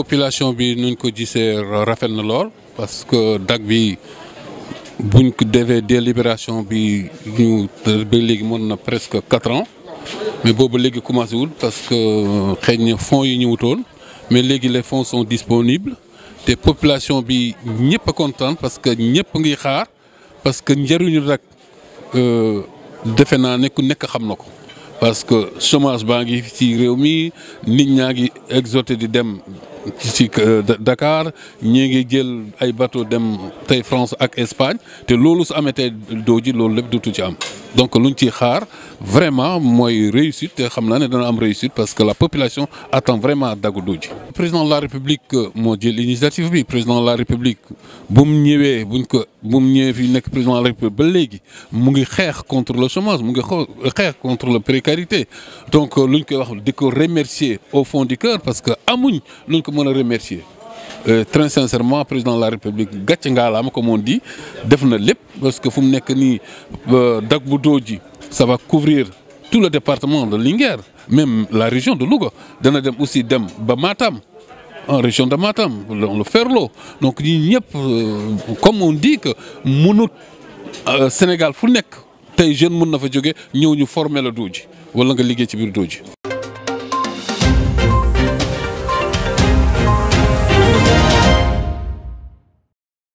population bi nuñ ko gisee rafet na lool parce que dag bi buñ ko defee délibération bi ñu ba légui mën na presque 4 ans mais bobu légui commencé wul parce que xëy na fonds yi ñëwutoon mais légui les fonds sont disponibles té population bi ñëpp a parce que ñëpp ngi xaar parce que njëriñu rek euh, defe naa ne ku nekk xam ko. parce que chômage baa ngi ci réew mi nit ñaa ngi exoté di dem ci euh, Dakar ñii ngi jël ay bateau dem tey France ak Espagne te loolu su amee tey doo ji loolu lépp dutu ci am donc luñ qui xaar vraiment réussi, réussite am réussite parce que la population attend vraiment Dagoudouji. président de la république euh, moi dis l'initiative, bi président de la république Bum mu buñ ko président de la république ba légui mu ngi contre le chômage mu ngi contre la précarité donc euh, luñ koy wax diko remercier au fond du cœur parce que amuñ luñ ko mëna remercier. Euh, très sincèrement président de la république Gatchengalam comme on dit def na parce que vous mu ni nii euh, ça va couvrir tout le département de Linger, même la région de Louga dana dem aussi dem ba Matam en région de Matam dans le Ferlo donc euh, comme on dit que mënut euh, Sénégal fu nekk tey jeune mën na fa jóge ñëw former la dooji wala nga liggéey ci